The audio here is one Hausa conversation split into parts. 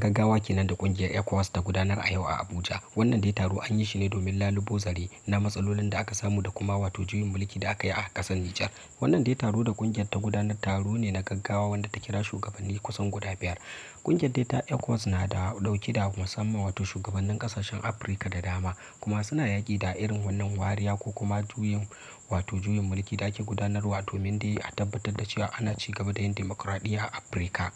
taron gaggawa kenan da kungiyar ECOWAS ta gudanar a yau a Abuja. Wannan da ya taru an yi shi ne domin lalubo zare na matsalolin da aka samu da kuma wato juyin mulki da aka yi a kasar Nijar. Wannan da ya taru da kungiyar ta gudanar taro ne na gaggawa wanda ta kira shugabanni kusan guda biyar. Kungiyar data ECOWAS na da dauki da musamman wato shugabannin kasashen Afirka da dama kuma suna yaki da irin wannan wariya ko kuma juyin wato juyin mulki da ake gudanarwa domin dai a tabbatar da cewa ana ci gaba da yin demokuraɗiyya a Afirka.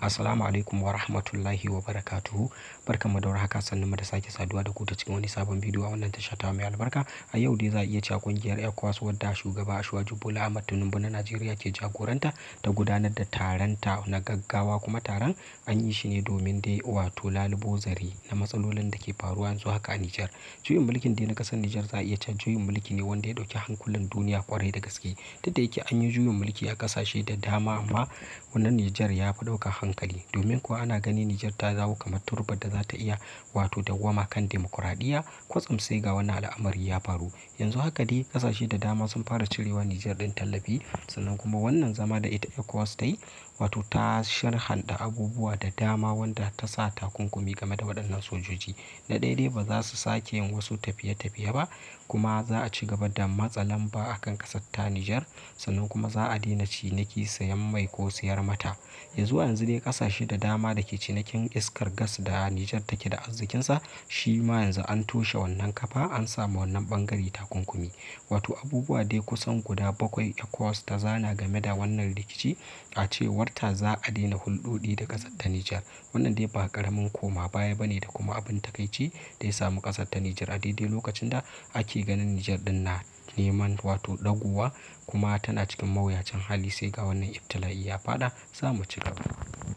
Assalamu alaikum wa rahmatullahi wa barakatuhu. Barkanmu da warhaka sannan mu da sake saduwa da ku cikin wani sabon bidiyo a wannan tasha ta mai albarka. A yau dai za a iya cewa kungiyar ECOWAS wadda shugaba Ashwaju Bola Ahmad Tinubu na Najeriya ke jagoranta ta gudanar da taron ta na gaggawa kuma taron an yi shi ne domin dai wato lalubo zari na matsalolin da ke faruwa yanzu haka a Nijar. Juyin mulkin dai na kasar Nijar za a iya cewa juyin mulki ne wanda ya dauki hankulin faɗin duniya kwarai da gaske duk da yake an yi juyin mulki a ƙasashe da dama amma wannan Nijar ya fi ɗaukar hankali domin kuwa ana ganin Nijar ta zawo kamar turba da za ta iya wato dawwama kan demokuraɗiyya kwatsam sai ga wannan al'amari ya faru yanzu haka dai ƙasashe da dama sun fara cirewa Nijar ɗin tallafi sannan kuma wannan zama da ita ECOWAS ta yi wato ta sharhanta abubuwa da dama wanda ta sa takunkumi game da waɗannan sojoji na dai ba za su sake yin wasu tafiye-tafiye ba kuma za a ci gaba da matsalan lamba ba a kan ta Nijar sannan kuma za a daina ciniki sayan mai ko sayar mata. Ya zuwa yanzu dai kasashe da dama da ke cinikin iskar gas da Nijar take da arzikinsa shi ma yanzu an toshe wannan kafa an samu wannan bangare takunkumi. Wato abubuwa dai kusan guda bakwai ECOWAS ta zana game da wannan rikici a cewarta za a daina hulɗoɗi da kasar ta Nijar. Wannan dai ba karamin koma baya bane da kuma abin takaici da ya samu ƙasar ta Nijar a daidai lokacin da ake ganin Nijar ɗin na. neman wato ɗaguwa kuma tana cikin mawuyacin hali sai ga wannan ibtila'i ya faɗa za mu ci gaba.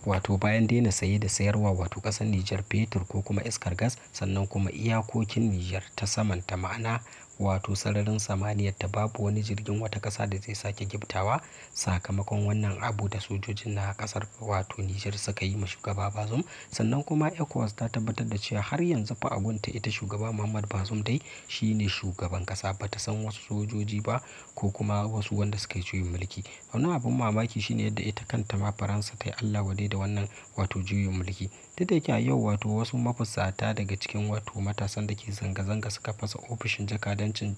Wato bayan daina saye da sayarwa wato ƙasar Nijar fetur ko kuma iskar gas sannan kuma iyakokin Nijar ta saman ta ma'ana wato sararin samaniyar ta babu wani jirgin wata ƙasa da zai sake gibtawa sakamakon wannan abu da sojojin na ƙasar wato Nijar suka yi ma shugaba Bazoum sannan kuma ECOWAS ta tabbatar da cewa har yanzu fa ta ita shugaba Muhammad Bazoum dai shine shugaban ƙasa bata san wasu sojoji ba ko kuma wasu wanda suka yi juyin mulki wani abin mamaki shine yadda ita kanta ma Faransa ta yi Allah wade da wannan wato juyin mulki Duk da yake a yau wato wasu mafusata daga cikin wato matasan da ke zanga-zanga suka fasa ofishin jakadancin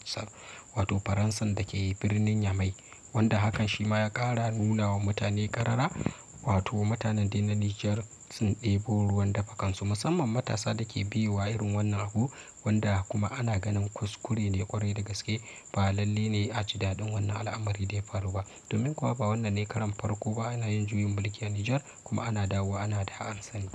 wato Faransan da ke birnin Yamai, wanda hakan shi ma ya kara nuna wa mutane karara wato mutanen da na Nijar sun ɗebo ruwan dafa kansu musamman matasa da ke biye irin wannan abu wanda kuma ana ganin kuskure ne kwarai da gaske ba lalle ne a ji daɗin wannan al'amari da ya faru ba. Domin kuwa ba wannan ne karan farko ba ana yin juyin mulki a Nijar kuma ana dawowa ana da ansani.